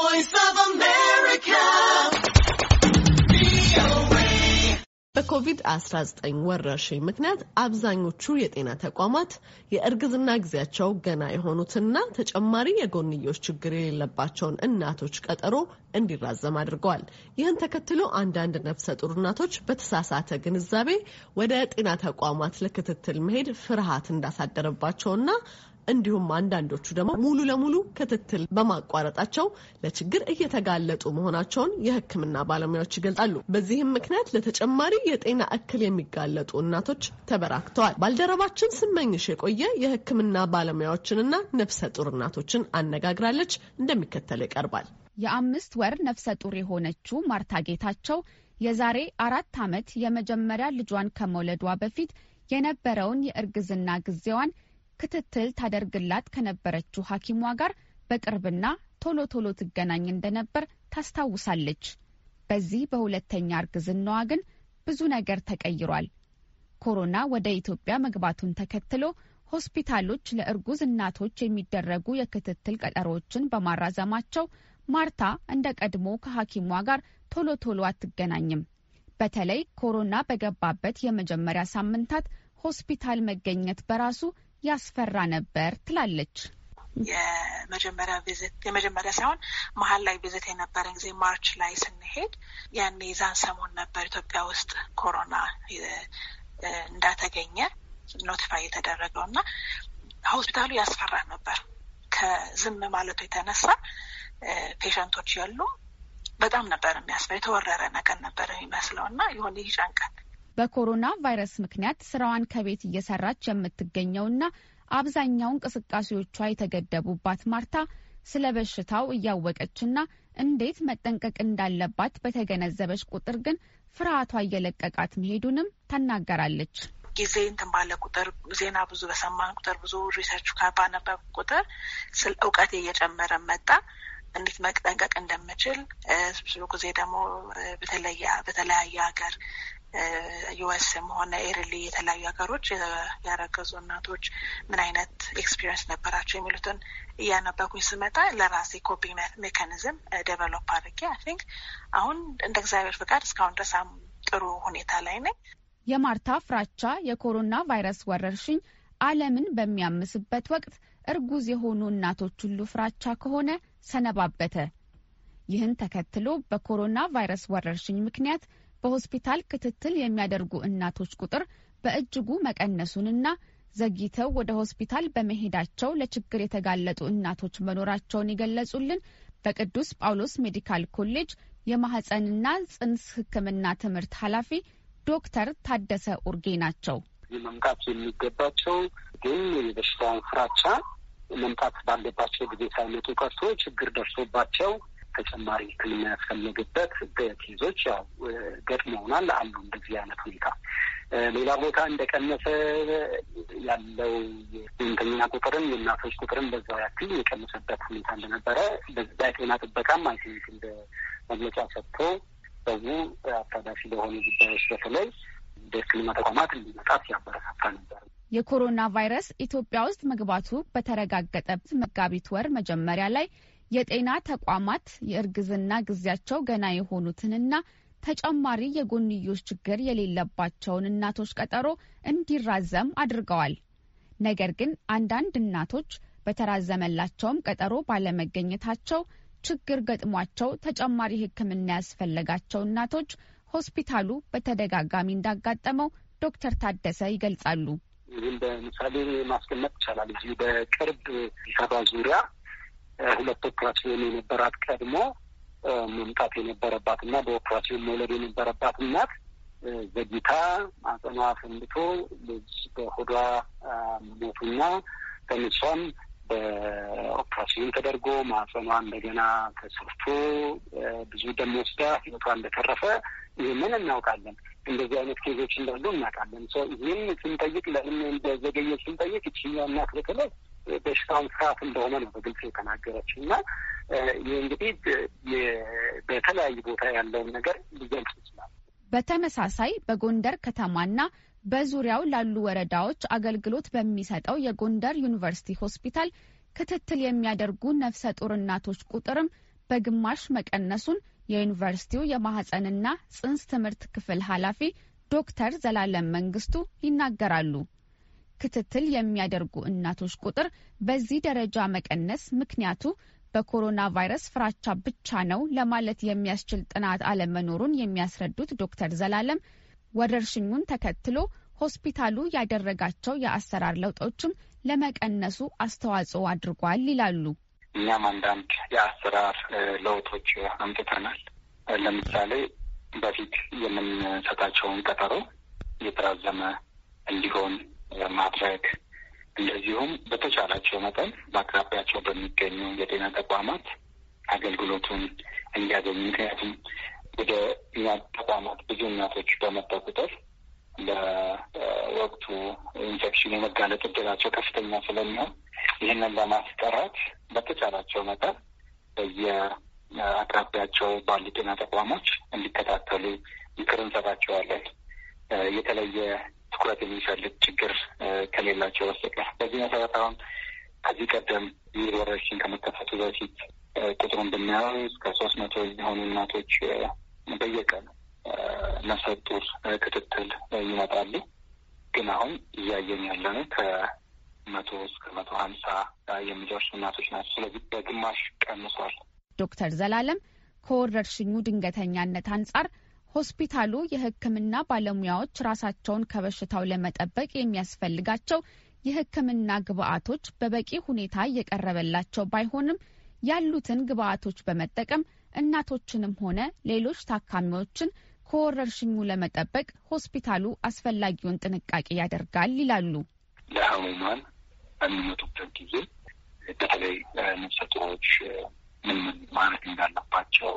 voice of America. በኮቪድ-19 ወረርሽኝ ምክንያት አብዛኞቹ የጤና ተቋማት የእርግዝና ጊዜያቸው ገና የሆኑትና ተጨማሪ የጎንዮሽ ችግር የሌለባቸውን እናቶች ቀጠሮ እንዲራዘም አድርገዋል። ይህን ተከትሎ አንዳንድ ነፍሰ ጡር እናቶች በተሳሳተ ግንዛቤ ወደ ጤና ተቋማት ለክትትል መሄድ ፍርሃት እንዳሳደረባቸውና እንዲሁም አንዳንዶቹ ደግሞ ሙሉ ለሙሉ ክትትል በማቋረጣቸው ለችግር እየተጋለጡ መሆናቸውን የሕክምና ባለሙያዎች ይገልጻሉ። በዚህም ምክንያት ለተጨማሪ የጤና እክል የሚጋለጡ እናቶች ተበራክተዋል። ባልደረባችን ስመኝሽ የቆየ የሕክምና ባለሙያዎችንና ነፍሰ ጡር እናቶችን አነጋግራለች። እንደሚከተለው ይቀርባል። የአምስት ወር ነፍሰ ጡር የሆነችው ማርታ ጌታቸው የዛሬ አራት ዓመት የመጀመሪያ ልጇን ከመውለዷ በፊት የነበረውን የእርግዝና ጊዜዋን ክትትል ታደርግላት ከነበረችው ሐኪሟ ጋር በቅርብና ቶሎ ቶሎ ትገናኝ እንደነበር ታስታውሳለች። በዚህ በሁለተኛ እርግዝናዋ ግን ብዙ ነገር ተቀይሯል። ኮሮና ወደ ኢትዮጵያ መግባቱን ተከትሎ ሆስፒታሎች ለእርጉዝ እናቶች የሚደረጉ የክትትል ቀጠሮዎችን በማራዘማቸው ማርታ እንደ ቀድሞ ከሐኪሟ ጋር ቶሎ ቶሎ አትገናኝም። በተለይ ኮሮና በገባበት የመጀመሪያ ሳምንታት ሆስፒታል መገኘት በራሱ ያስፈራ ነበር ትላለች። የመጀመሪያ ቪዝት የመጀመሪያ ሳይሆን መሀል ላይ ቪዝት የነበረን ጊዜ ማርች ላይ ስንሄድ ያኔ የዛን ሰሞን ነበር ኢትዮጵያ ውስጥ ኮሮና እንዳተገኘ ኖቲፋይ የተደረገው እና ሆስፒታሉ ያስፈራ ነበር። ከዝም ማለቱ የተነሳ ፔሸንቶች የሉም። በጣም ነበር የሚያስፈራ። የተወረረ ነገር ነበር የሚመስለው እና የሆነ ይህ ጨንቀት በኮሮና ቫይረስ ምክንያት ስራዋን ከቤት እየሰራች የምትገኘውና አብዛኛው እንቅስቃሴዎቿ የተገደቡባት ማርታ ስለ በሽታው እያወቀችና እንዴት መጠንቀቅ እንዳለባት በተገነዘበች ቁጥር ግን ፍርሃቷ እየለቀቃት መሄዱንም ተናገራለች። ጊዜ እንትን ባለ ቁጥር ዜና ብዙ በሰማን ቁጥር ብዙ ሪሰርች ባነበብ ቁጥር ስለ እውቀቴ እየጨመረ መጣ። እንዴት መጠንቀቅ እንደምችል ብዙ ጊዜ ደግሞ በተለያየ ሀገር ዩኤስም ሆነ ኤርሊ የተለያዩ ሀገሮች ያረገዙ እናቶች ምን አይነት ኤክስፒሪየንስ ነበራቸው የሚሉትን እያነበኩኝ ስመጣ ለራሴ ኮፒ ሜካኒዝም ዴቨሎፕ አድርጌ አይ ቲንክ አሁን እንደ እግዚአብሔር ፍቃድ እስካሁን ድረስ ጥሩ ሁኔታ ላይ ነኝ። የማርታ ፍራቻ የኮሮና ቫይረስ ወረርሽኝ ዓለምን በሚያምስበት ወቅት እርጉዝ የሆኑ እናቶች ሁሉ ፍራቻ ከሆነ ሰነባበተ። ይህን ተከትሎ በኮሮና ቫይረስ ወረርሽኝ ምክንያት በሆስፒታል ክትትል የሚያደርጉ እናቶች ቁጥር በእጅጉ መቀነሱንና ዘግይተው ወደ ሆስፒታል በመሄዳቸው ለችግር የተጋለጡ እናቶች መኖራቸውን የገለጹልን በቅዱስ ጳውሎስ ሜዲካል ኮሌጅ የማህፀንና ጽንስ ሕክምና ትምህርት ኃላፊ ዶክተር ታደሰ ኡርጌ ናቸው። መምጣት የሚገባቸው ግን የበሽታውን ፍራቻ መምጣት ባለባቸው ጊዜ ሳይመጡ ቀርቶ ችግር ደርሶባቸው ተጨማሪ ሕክምና ያስፈለግበት ኬዞች ያው ገጥመውናል አሉ። እንደዚህ አይነት ሁኔታ ሌላ ቦታ እንደቀነሰ ያለው የስምንተኛ ቁጥርም የእናቶች ቁጥርም በዛው ያክል የቀነሰበት ሁኔታ እንደነበረ በዛ የጤና ጥበቃም አይ ቲንክ እንደ መግለጫ ሰጥቶ ሰው አታዳፊ ለሆኑ ጉዳዮች በተለይ በሕክምና ተቋማት እንዲመጣ ሲያበረታታ ነበር። የኮሮና ቫይረስ ኢትዮጵያ ውስጥ መግባቱ በተረጋገጠበት መጋቢት ወር መጀመሪያ ላይ የጤና ተቋማት የእርግዝና ጊዜያቸው ገና የሆኑትንና ተጨማሪ የጎንዮሽ ችግር የሌለባቸውን እናቶች ቀጠሮ እንዲራዘም አድርገዋል። ነገር ግን አንዳንድ እናቶች በተራዘመላቸውም ቀጠሮ ባለመገኘታቸው ችግር ገጥሟቸው ተጨማሪ ሕክምና ያስፈለጋቸው እናቶች ሆስፒታሉ በተደጋጋሚ እንዳጋጠመው ዶክተር ታደሰ ይገልጻሉ። ይህም በምሳሌ ማስቀመጥ ይቻላል። እዚህ በቅርብ አዲስ አበባ ዙሪያ ሁለት ኦፕራሲዮን የነበራት ቀድሞ መምጣት የነበረባት እና በኦፕራሲዮን መውለድ የነበረባት እናት ዘግይታ ማህጸኗ ፈንድቶ ልጅ በሆዷ ሞቱና ተንሷም በኦፕራሲዮን ተደርጎ ማህጸኗ እንደገና ተሰርቶ ብዙ ደም ወስዳ ህይወቷ እንደተረፈ ይህንን እናውቃለን። እንደዚህ አይነት ኬዞች እንዳሉ እናውቃለን። ይህም ስንጠይቅ ለምን ዘገየ ስንጠይቅ ይችኛ እናት በተለይ በሽታውን ስርዓት እንደሆነ ነው በግልጽ የተናገረችው እና ይህ እንግዲህ በተለያዩ ቦታ ያለውን ነገር ሊገልጽ ይችላል። በተመሳሳይ በጎንደር ከተማና በዙሪያው ላሉ ወረዳዎች አገልግሎት በሚሰጠው የጎንደር ዩኒቨርሲቲ ሆስፒታል ክትትል የሚያደርጉ ነፍሰ ጡር እናቶች ቁጥርም በግማሽ መቀነሱን የዩኒቨርሲቲው የማህፀንና ጽንስ ትምህርት ክፍል ኃላፊ ዶክተር ዘላለም መንግስቱ ይናገራሉ። ክትትል የሚያደርጉ እናቶች ቁጥር በዚህ ደረጃ መቀነስ ምክንያቱ በኮሮና ቫይረስ ፍራቻ ብቻ ነው ለማለት የሚያስችል ጥናት አለመኖሩን የሚያስረዱት ዶክተር ዘላለም ወረርሽኙን ተከትሎ ሆስፒታሉ ያደረጋቸው የአሰራር ለውጦችም ለመቀነሱ አስተዋጽኦ አድርጓል ይላሉ። እኛም አንዳንድ የአሰራር ለውጦች አምጥተናል። ለምሳሌ በፊት የምንሰጣቸውን ቀጠሮ እየተራዘመ እንዲሆን ማድረግ እንደዚሁም በተቻላቸው መጠን በአቅራቢያቸው በሚገኙ የጤና ተቋማት አገልግሎቱን እንዲያገኙ ምክንያቱም ወደ እኛ ተቋማት ብዙ እናቶች በመጣ ቁጥር ለወቅቱ ኢንፌክሽን የመጋለጥ እድላቸው ከፍተኛ ስለሚሆን ይህንን ለማስቀረት በተቻላቸው መጠን በየአቅራቢያቸው ባሉ ጤና ተቋሞች እንዲከታተሉ ምክር እንሰጣቸዋለን። የተለየ ትኩረት የሚፈልግ ችግር ከሌላቸው በስተቀር በዚህ መሰረት አሁን ከዚህ ቀደም ይህ ወረርሽኝ በፊት ቁጥሩን ብናየው እስከ ሶስት መቶ የሆኑ እናቶች በየቀኑ ነፍሰ ጡር ክትትል ይመጣሉ። ግን አሁን እያየን ያለ ነው ከመቶ እስከ መቶ ሀምሳ የሚደርሱ እናቶች ናቸው። ስለዚህ በግማሽ ቀንሷል። ዶክተር ዘላለም ከወረርሽኙ ድንገተኛነት አንጻር ሆስፒታሉ የሕክምና ባለሙያዎች ራሳቸውን ከበሽታው ለመጠበቅ የሚያስፈልጋቸው የሕክምና ግብአቶች በበቂ ሁኔታ እየቀረበላቸው ባይሆንም ያሉትን ግብአቶች በመጠቀም እናቶችንም ሆነ ሌሎች ታካሚዎችን ከወረርሽኙ ለመጠበቅ ሆስፒታሉ አስፈላጊውን ጥንቃቄ ያደርጋል ይላሉ። ለህሙማን በሚመጡበት ጊዜ በተለይ ነፍሰ ጡሮች ምን ምን እንዳለባቸው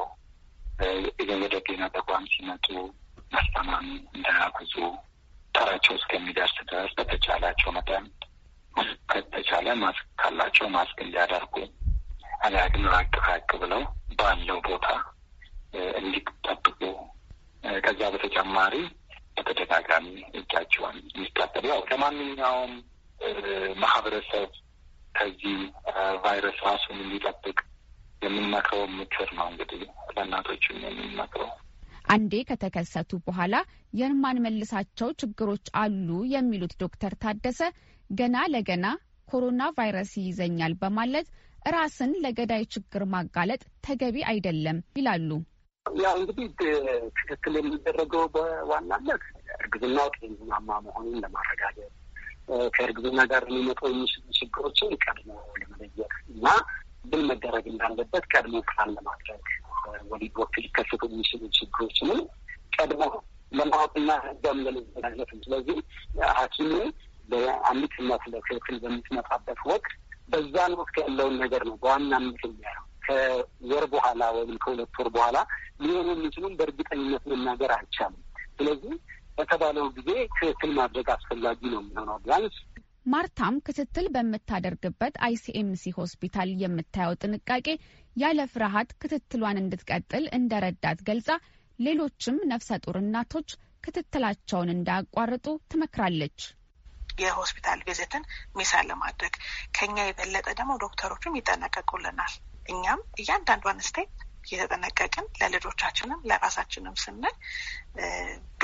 ወደ ጤና ተቋም ሲመጡ አስተማሚ እንዳያጉዙ ተራቸው እስከሚደርስ ድረስ በተቻላቸው መጠን ከተቻለ ማስክ ካላቸው ማስክ እንዲያደርጉ አሊያ ግን ራቅ ራቅ ብለው ባለው ቦታ እንዲጠብቁ። ከዛ በተጨማሪ በተደጋጋሚ እጃቸውን እንዲታጠቡ ያው ለማንኛውም ማህበረሰብ ከዚህ ቫይረስ ራሱን እንዲጠብቅ የምንመክረው ምክር ነው እንግዲህ ለእናቶችም የምንመክረው አንዴ ከተከሰቱ በኋላ የማንመልሳቸው ችግሮች አሉ የሚሉት ዶክተር ታደሰ ገና ለገና ኮሮና ቫይረስ ይይዘኛል በማለት ራስን ለገዳይ ችግር ማጋለጥ ተገቢ አይደለም ይላሉ። ያ እንግዲህ ክትትል የሚደረገው በዋናነት እርግዝናው ጤናማ መሆኑን ለማረጋገጥ ከእርግዝና ጋር ሊመጡ የሚችሉ ችግሮችን ቀድሞ ለመለየት እና ምን መደረግ እንዳለበት ቀድሞ ፕላን ለማድረግ ወሊድ ወቅት ሊከሰቱ የሚችሉ ችግሮችንም ቀድሞ ለማወቅና ህጋም ለመዘጋጀት ስለዚህ ሐኪሙ በአንዲት እናት ለክትትል በምትመጣበት ወቅት በዛን ወቅት ያለውን ነገር ነው በዋናነት የሚያየው። ከወር በኋላ ወይም ከሁለት ወር በኋላ ሊሆኑ የሚችሉን በእርግጠኝነት መናገር አይቻልም። ስለዚህ በተባለው ጊዜ ክትትል ማድረግ አስፈላጊ ነው የሚሆነው ቢያንስ ማርታም ክትትል በምታደርግበት አይሲኤምሲ ሆስፒታል የምታየው ጥንቃቄ ያለ ፍርሃት ክትትሏን እንድትቀጥል እንደረዳት ገልጻ ሌሎችም ነፍሰ ጡር እናቶች ክትትላቸውን እንዳያቋርጡ ትመክራለች። የሆስፒታል ቪዚትን ሚሳ ለማድረግ ከኛ የበለጠ ደግሞ ዶክተሮችም ይጠነቀቁልናል። እኛም እያንዳንዷን ስቴፕ እየተጠነቀቅን ለልጆቻችንም ለራሳችንም ስንል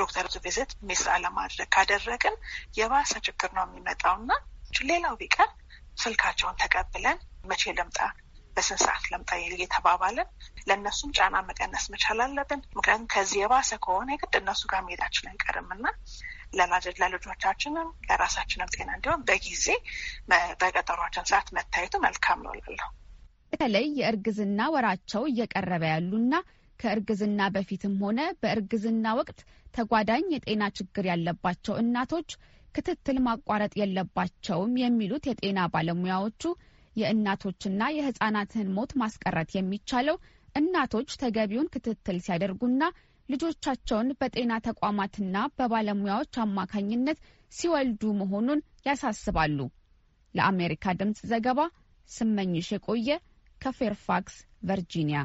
ዶክተር ቪዝት ሚስ አለማድረግ ካደረግን የባሰ ችግር ነው የሚመጣውና ሌላው ቢቀር ስልካቸውን ተቀብለን መቼ ልምጣ በስንት ሰዓት ልምጣ እየተባባልን ለእነሱም ጫና መቀነስ መቻል አለብን። ምክንያቱም ከዚህ የባሰ ከሆነ የግድ እነሱ ጋር መሄዳችን አይቀርም እና ለልጆቻችንም ለራሳችንም ጤና እንዲሆን በጊዜ በቀጠሯችን ሰዓት መታየቱ መልካም ነው እላለሁ። በተለይ የእርግዝና ወራቸው እየቀረበ ያሉና ከእርግዝና በፊትም ሆነ በእርግዝና ወቅት ተጓዳኝ የጤና ችግር ያለባቸው እናቶች ክትትል ማቋረጥ የለባቸውም የሚሉት የጤና ባለሙያዎቹ የእናቶችና የህጻናትን ሞት ማስቀረት የሚቻለው እናቶች ተገቢውን ክትትል ሲያደርጉና ልጆቻቸውን በጤና ተቋማትና በባለሙያዎች አማካኝነት ሲወልዱ መሆኑን ያሳስባሉ። ለአሜሪካ ድምፅ ዘገባ ስመኝሽ የቆየ ከፌርፋክስ ቨርጂኒያ